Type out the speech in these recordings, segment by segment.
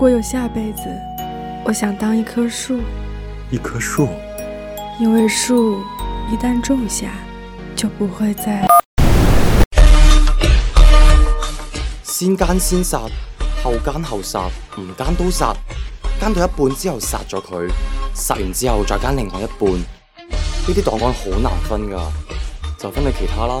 如果有下輩子，我想當一棵樹。一棵樹，因為樹一旦種下，就不會再。先奸先殺，後奸後殺，唔奸都殺，奸到一半之後殺咗佢，殺完之後再奸另外一半。呢啲檔案好難分㗎，就分你其他啦。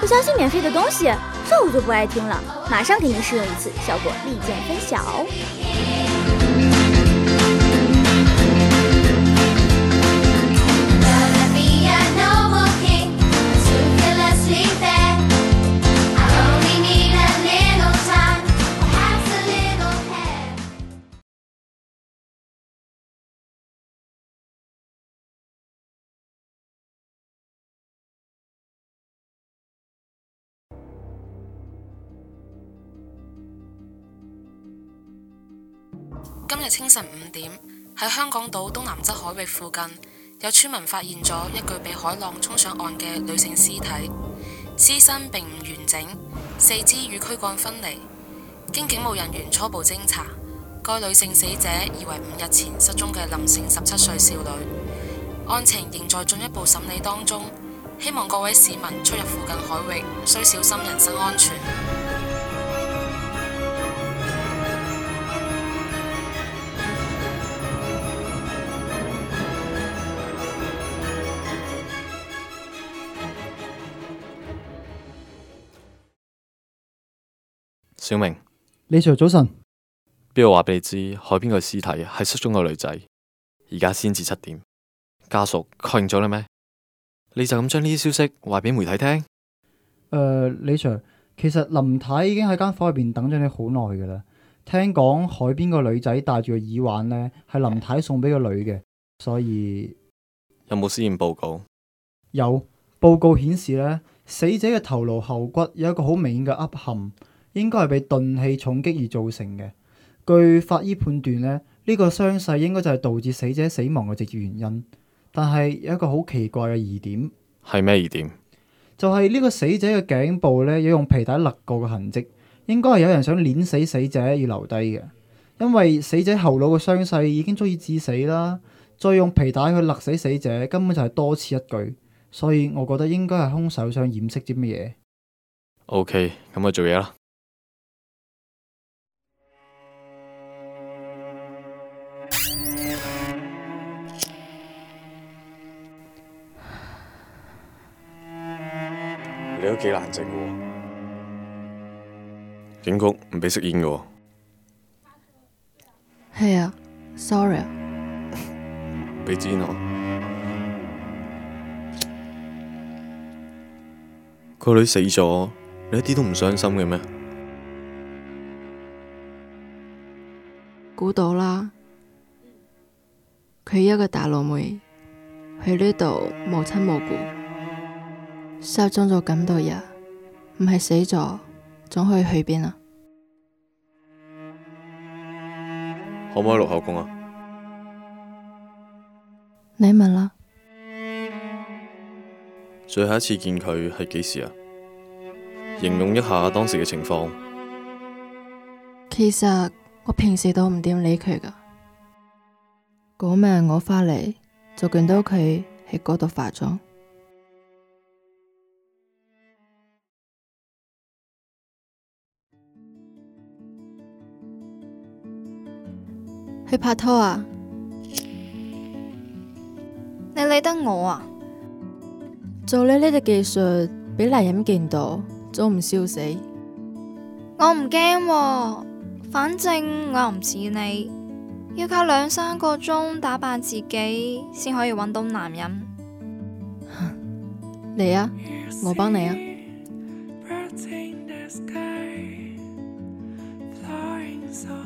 不相信免費的東西，這我就不愛聽了。馬上給您試用一次，效果立見分曉。清晨五點，喺香港島東南側海域附近，有村民發現咗一具被海浪衝上岸嘅女性屍體，屍身並唔完整，四肢與軀幹分離。經警務人員初步偵查，該女性死者疑為五日前失蹤嘅林姓十七歲少女。案情仍在進一步審理當中，希望各位市民出入附近海域，需小心人身安全。小明，李 Sir 早晨。邊個話俾你知海邊個屍體係失蹤個女仔？而家先至七點，家屬確認咗啦咩？你就咁將呢啲消息話俾媒體聽？誒、呃，李 Sir，其實林太已經喺間房入邊等咗你好耐嘅啦。聽講海邊個女仔戴住個耳環呢，係林太送俾個女嘅，所以有冇屍檢報告？有。報告顯示呢，死者嘅頭顱後骨有一個好明顯嘅凹陷。應該係被鈍器重擊而造成嘅。據法醫判斷咧，呢、呢個傷勢應該就係導致死者死亡嘅直接原因。但係有一個好奇怪嘅疑點。係咩疑點？就係呢個死者嘅頸部呢，有用皮帶勒過嘅痕跡，應該係有人想碾死死者而留低嘅。因為死者後腦嘅傷勢已經足以致死啦，再用皮帶去勒死死者根本就係多此一舉。所以我覺得應該係兇手想掩飾啲乜嘢。O K，咁去做嘢啦。都幾難整喎，警局唔俾吸煙嘅。係啊，sorry。啊 俾知我， 個女死咗，你一啲都唔傷心嘅咩？估到啦，佢一個大陸妹，喺呢度無親無故。失蹤咗咁多日，唔係死咗，仲可以去邊啊？可唔可以錄口供啊？你問啦。最後一次見佢係幾時啊？形容一下當時嘅情況。其實我平時都唔點理佢㗎。嗰晚我翻嚟就見到佢喺嗰度化妝。去拍拖啊！你理得我啊？做你呢隻技術，俾男人見到，早唔笑死。我唔驚啊，反正我又唔似你，要靠兩三個鐘打扮自己，先可以搵到男人。嚟 啊！我幫你啊！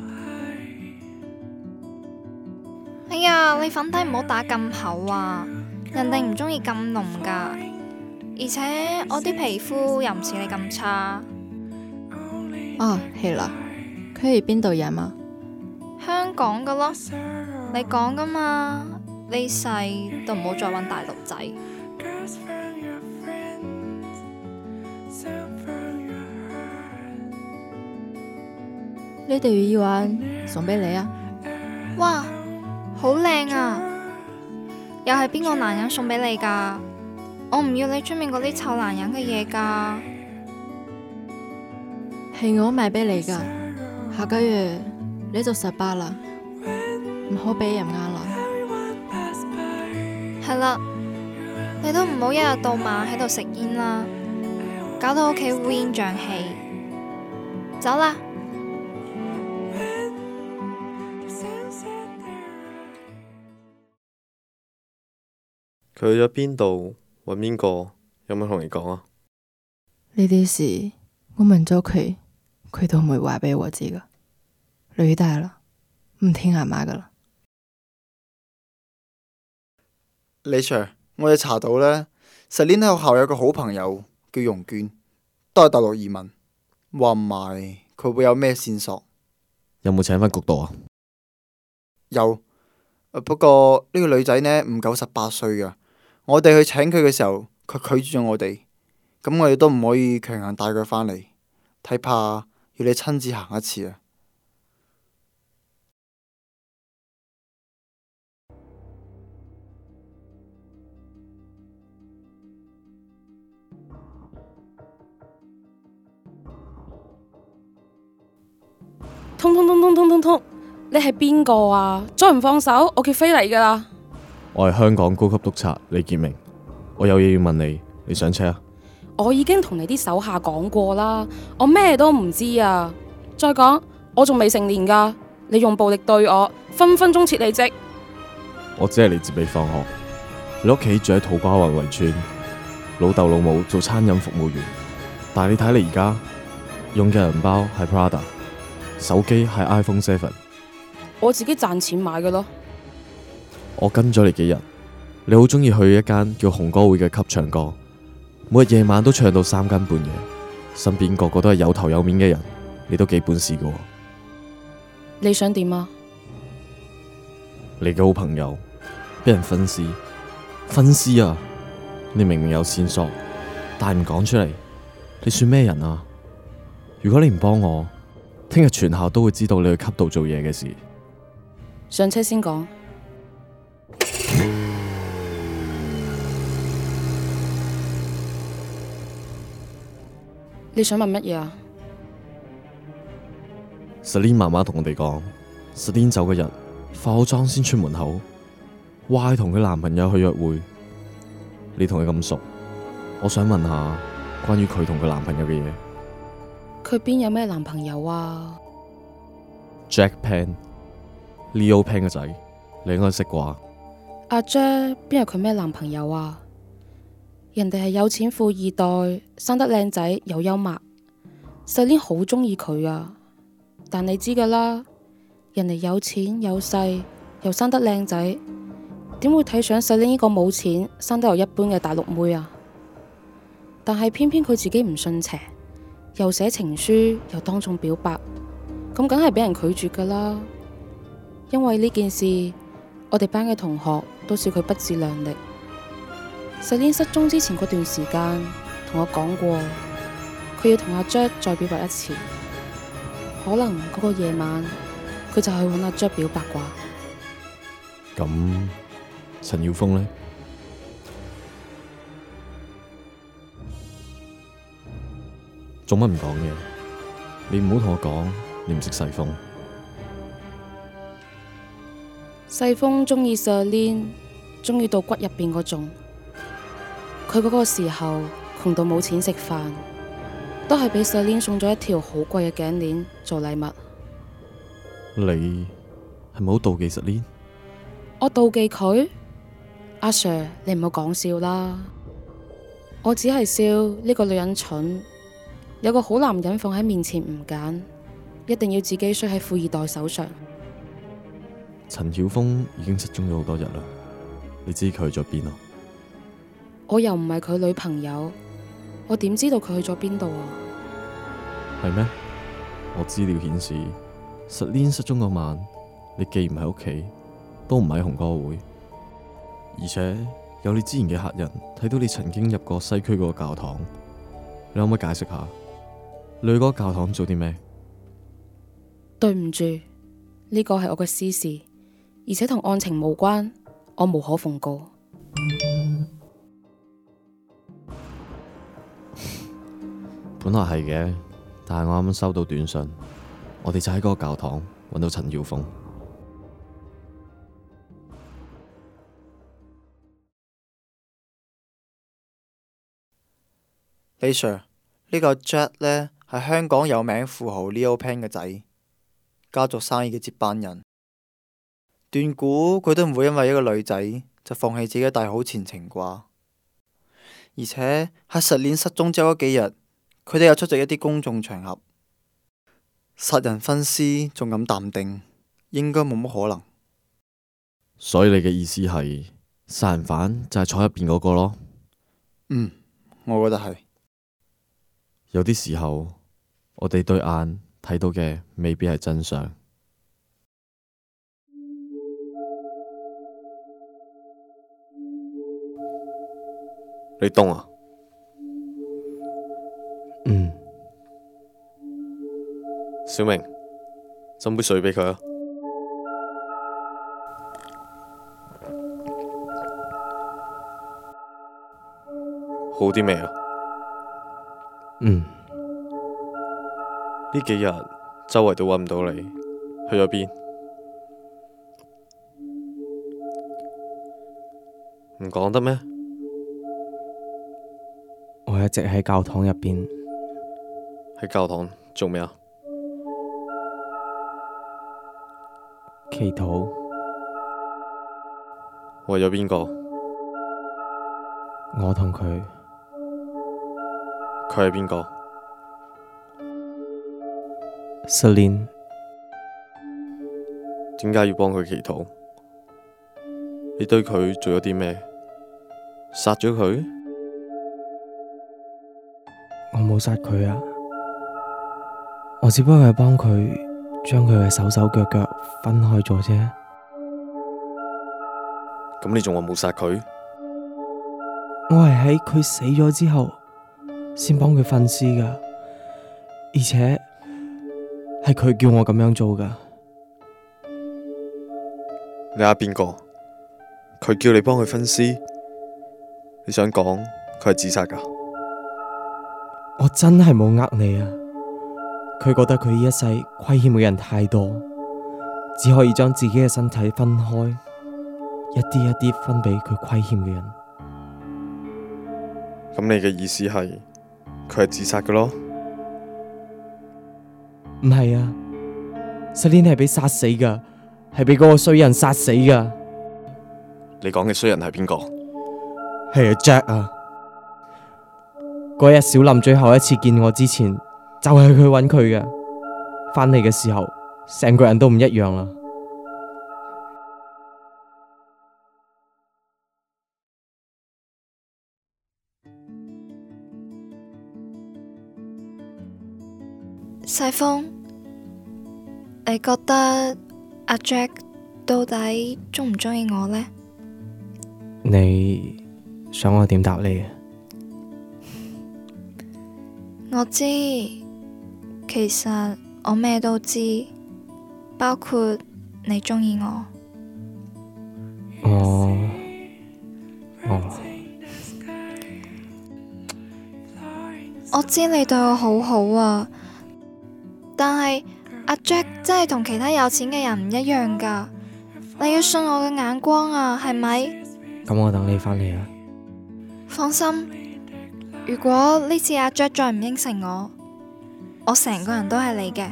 哎呀，你粉底唔好打咁厚啊！人哋唔中意咁濃噶，而且我啲皮膚又唔似你咁差。哦、啊，係啦，佢係邊度人啊？香港噶咯，你講噶嘛？呢世都唔好再搵大陸仔。你哋要嘅話送俾你啊！哇！好靚啊！又係邊個男人送俾你噶？我唔要你出面嗰啲臭男人嘅嘢噶，係我買俾你噶。下個月你就十八啦，唔好俾人呃啦。係啦，你都唔好一日到晚喺度食煙啦，搞到屋企烏煙瘴氣。走啦！去咗邊度？揾邊個？有冇同你講啊？呢啲事我問咗佢，佢都唔會話俾我知噶。女大啦，唔聽阿媽噶啦。李 Sir，我哋查到呢，十連喺學校有個好朋友叫容娟，都係大陸移民。話唔埋，佢會有咩線索？有冇請返局度啊？有、呃。不過呢個女仔呢唔夠十八歲噶。我哋去請佢嘅時候，佢拒絕咗我哋，咁我哋都唔可以強行帶佢翻嚟，睇怕，要你親自行一次啊！通通通通通通通，你係邊個啊？再唔放手，我叫飛嚟噶啦！我係香港高級督察李杰明，我有嘢要問你，你上車啊！我已經同你啲手下講過啦，我咩都唔知啊！再講，我仲未成年噶，你用暴力對我，分分鐘撤離職。我只係嚟接你放學，你屋企住喺土瓜灣圍村，老豆老母做餐飲服務員，但係你睇你而家用嘅銀包係 Prada，手機係 iPhone Seven，我自己賺錢買嘅咯。我跟咗你幾日，你好鍾意去一間叫紅歌會嘅級唱歌，每日夜晚都唱到三更半夜，身邊個個都係有頭有面嘅人，你都幾本事㗎。你想點啊？你嘅好朋友俾人分屍，分屍啊！你明明有線索，但係唔講出嚟，你算咩人啊？如果你唔幫我，聽日全校都會知道你去級度做嘢嘅事。上車先講。你想問乜嘢啊？Sally 媽媽同我哋講，Sally 走嘅日，化好妝先出門口，話係同佢男朋友去約會。你同佢咁熟，我想問下關於佢同佢男朋友嘅嘢。佢邊有咩男朋友啊？Jack Pen、Leo Pen 嘅仔，你應該識啩？阿 Jack 邊有佢咩男朋友啊？人哋係有錢富二代，生得靚仔又幽默，細琳好中意佢啊！但你知噶啦，人哋有錢有勢又生得靚仔，點會睇上細琳呢個冇錢、生得又一般嘅大陸妹啊？但係偏偏佢自己唔信邪，又寫情書又當眾表白，咁梗係俾人拒絕噶啦！因為呢件事，我哋班嘅同學都笑佢不自量力。石蓮失蹤之前嗰段時間，同我講過，佢要同阿 jack 再表白一次。可能嗰個夜晚，佢就去搵阿 jack 表白啩。咁陳耀峰呢？做乜唔講嘢？你唔好同我講，你唔識細峰。細峰中意石蓮，中意到骨入邊嗰種。佢嗰個時候窮到冇錢食飯，都係俾十連送咗一條好貴嘅頸鏈做禮物。你係咪好妒忌十連？我妒忌佢？阿、啊、Sir，你唔好講笑啦！我只係笑呢、這個女人蠢，有個好男人放喺面前唔揀，一定要自己衰喺富二代手上。陳曉峰已經失蹤咗好多日啦，你知佢喺邊啊？我又唔係佢女朋友，我點知道佢去咗邊度啊？係咩？我資料顯示，十天失蹤嗰晚，你既唔喺屋企，都唔喺紅歌會，而且有你之前嘅客人睇到你曾經入過西區嗰個教堂，你可唔可以解釋下？你去教堂做啲咩？對唔住，呢個係我嘅私事，而且同案情無關，我無可奉告。本來係嘅，但係我啱啱收到短信，我哋就喺嗰個教堂揾到陳耀峰。李 Sir，呢個 Jack 呢係香港有名富豪 Leo Peng 嘅仔，家族生意嘅接班人。斷估佢都唔會因為一個女仔就放棄自己大好前程啩。而且喺十年失蹤之後幾日。佢哋又出席一啲公眾場合，殺人分屍仲咁淡定，應該冇乜可能。所以你嘅意思係殺人犯就係坐入邊嗰個咯？嗯，我覺得係。有啲時候，我哋對眼睇到嘅未必係真相。你凍啊！小明，斟杯水俾佢啊。好啲未啊？嗯。呢幾日周圍都揾唔到你，去咗邊？唔講得咩？我一直喺教堂入邊。喺教堂做咩啊？祈禱，為咗邊個？我同佢，佢係邊個？Selene，點解要幫佢祈禱？你對佢做咗啲咩？殺咗佢？我冇殺佢啊，我只不過係幫佢將佢嘅手手腳腳，分開咗啫，咁你仲話冇殺佢？我係喺佢死咗之後先幫佢分屍噶，而且係佢叫我咁樣做噶你阿邊個？佢叫你幫佢分屍？你想講佢係自殺噶我真係冇呃你啊！佢覺得佢呢一世虧欠嘅人太多。只可以將自己嘅身體分開，一啲一啲分俾佢虧欠嘅人。咁你嘅意思係佢係自殺嘅咯？唔係啊，Selina 係俾殺死噶，係俾嗰個衰人殺死噶。你講嘅衰人係邊個？係阿 Jack 啊！嗰日小林最後一次見我之前，就係佢揾佢嘅，翻嚟嘅時候。成個人都唔一樣啦，細峰，你覺得阿 Jack 到底鍾唔鍾意我呢？你想我點答你啊？ 我知，其實我咩都知。包括你鍾意我，我我，我知你對我好好啊，但係阿 Jack 真係同其他有錢嘅人唔一樣噶，你要信我嘅眼光啊，係咪？咁我等你翻嚟啊！放心，如果呢次阿 Jack 再唔應承我，我成個人都係你嘅。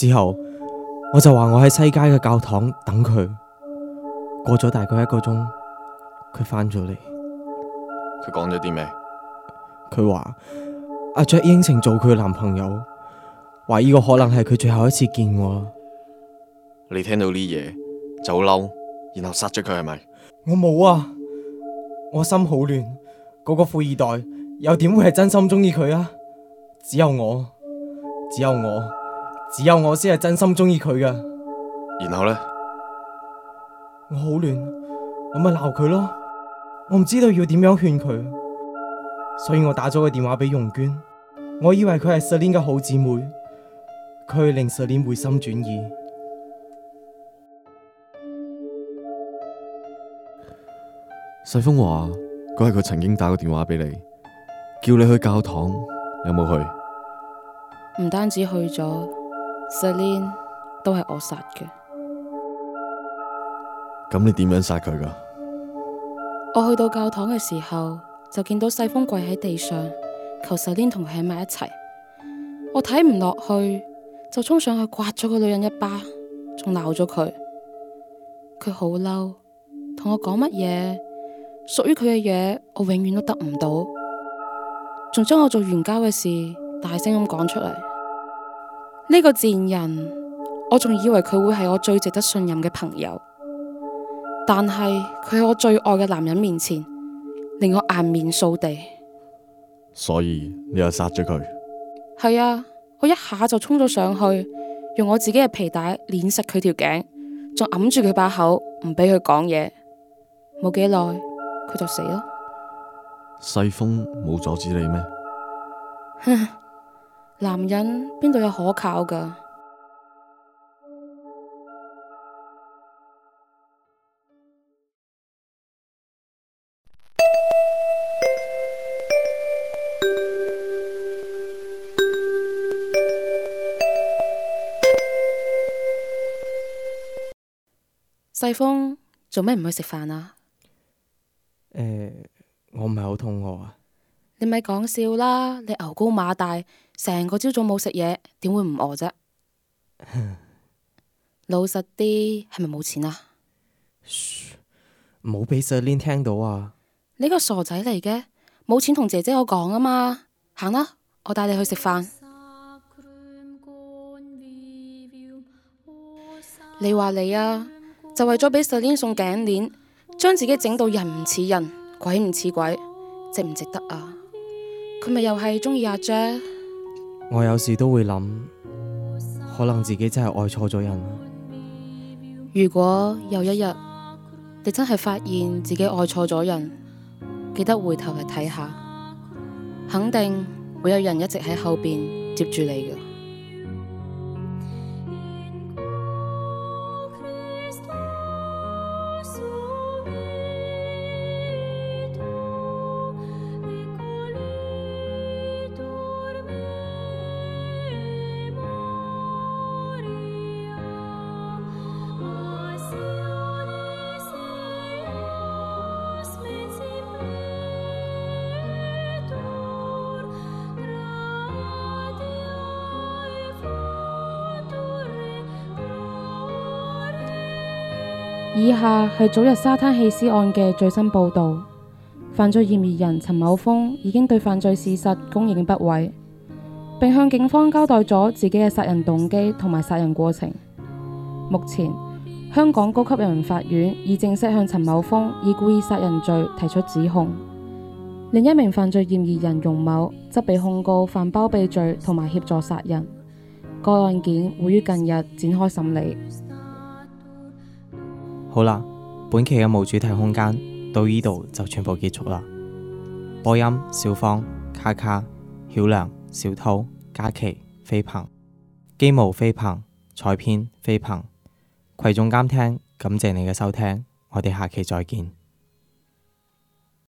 之後我就話我喺西街嘅教堂等佢，過咗大概一個鐘，佢翻咗嚟。佢講咗啲咩？佢話阿 Jack 應承做佢男朋友，話呢個可能係佢最後一次見我。你聽到呢嘢就好嬲，然後殺咗佢係咪？是是，我冇啊，我心好亂。嗰個富二代又點會係真心中意佢啊？只有我，只有我。只有我先係真心中意佢嘅。然後咧，我好亂，我咪鬧佢咯。我唔知道要點樣勸佢，所以我打咗個電話俾容娟。我以為佢係十年嘅好姊妹，佢令十年回心轉意。細峰話：嗰日佢曾經打個電話俾你，叫你去教堂，有冇去？唔單止去咗。實念都係我殺嘅。咁你點樣殺佢㗎？我去到教堂嘅時候，就見到細峰跪喺地上，求實念同佢喺埋一齊。我睇唔落去，就衝上去摑咗個女人一巴，仲鬧咗佢。佢好嬲，同我講乜嘢？屬於佢嘅嘢，我永遠都得唔到，仲將我做冤家嘅事大聲咁講出嚟。呢個賤人，我仲以為佢會係我最值得信任嘅朋友，但係佢喺我最愛嘅男人面前，令我顏面掃地。所以你又殺咗佢？係啊，我一下就衝咗上去，用我自己嘅皮帶鏈實佢條頸，仲揞住佢把口，唔俾佢講嘢。冇幾耐，佢就死咯。細峰冇阻止你咩？哼。 男人邊度有可靠噶？細峰做咩唔去食飯啊？呃，我唔係好肚餓啊。你咪講笑啦！你牛高馬大，成個朝早冇食嘢，點會唔餓啫？ 老實啲，係咪冇錢啊？噓，冇俾 Selin 聽到啊！你個傻仔嚟嘅，冇錢同姐姐我講啊嘛。行啦，我帶你去食飯。 你話你啊，就為咗俾 Selin 送頸鏈，將自己整到人唔似人、鬼唔似鬼，值唔值得啊？佢咪又係中意阿 Jack？我有時都會諗，可能自己真係愛錯咗人。如果有一日你真係發現自己愛錯咗人，記得回頭嚟睇下，肯定會有人一直喺後邊接住你嘅。以下係早日沙灘棄屍案嘅最新報導。犯罪嫌疑人陳某峰已經對犯罪事實供認不諱，並向警方交代咗自己嘅殺人動機同埋殺人過程。目前，香港高級人民法院已正式向陳某峰以故意殺人罪提出指控。另一名犯罪嫌疑人容某則被控告犯包庇罪同埋協助殺人。個案件會於近日展開審理。好啦，本期嘅無主題空間到呢度就全部結束啦。播音：小方、卡卡、曉靚、小濤、嘉琪、飛鵬、機務、飛鵬、採編、飛鵬，葵總監聽，感謝你嘅收聽，我哋下期再見。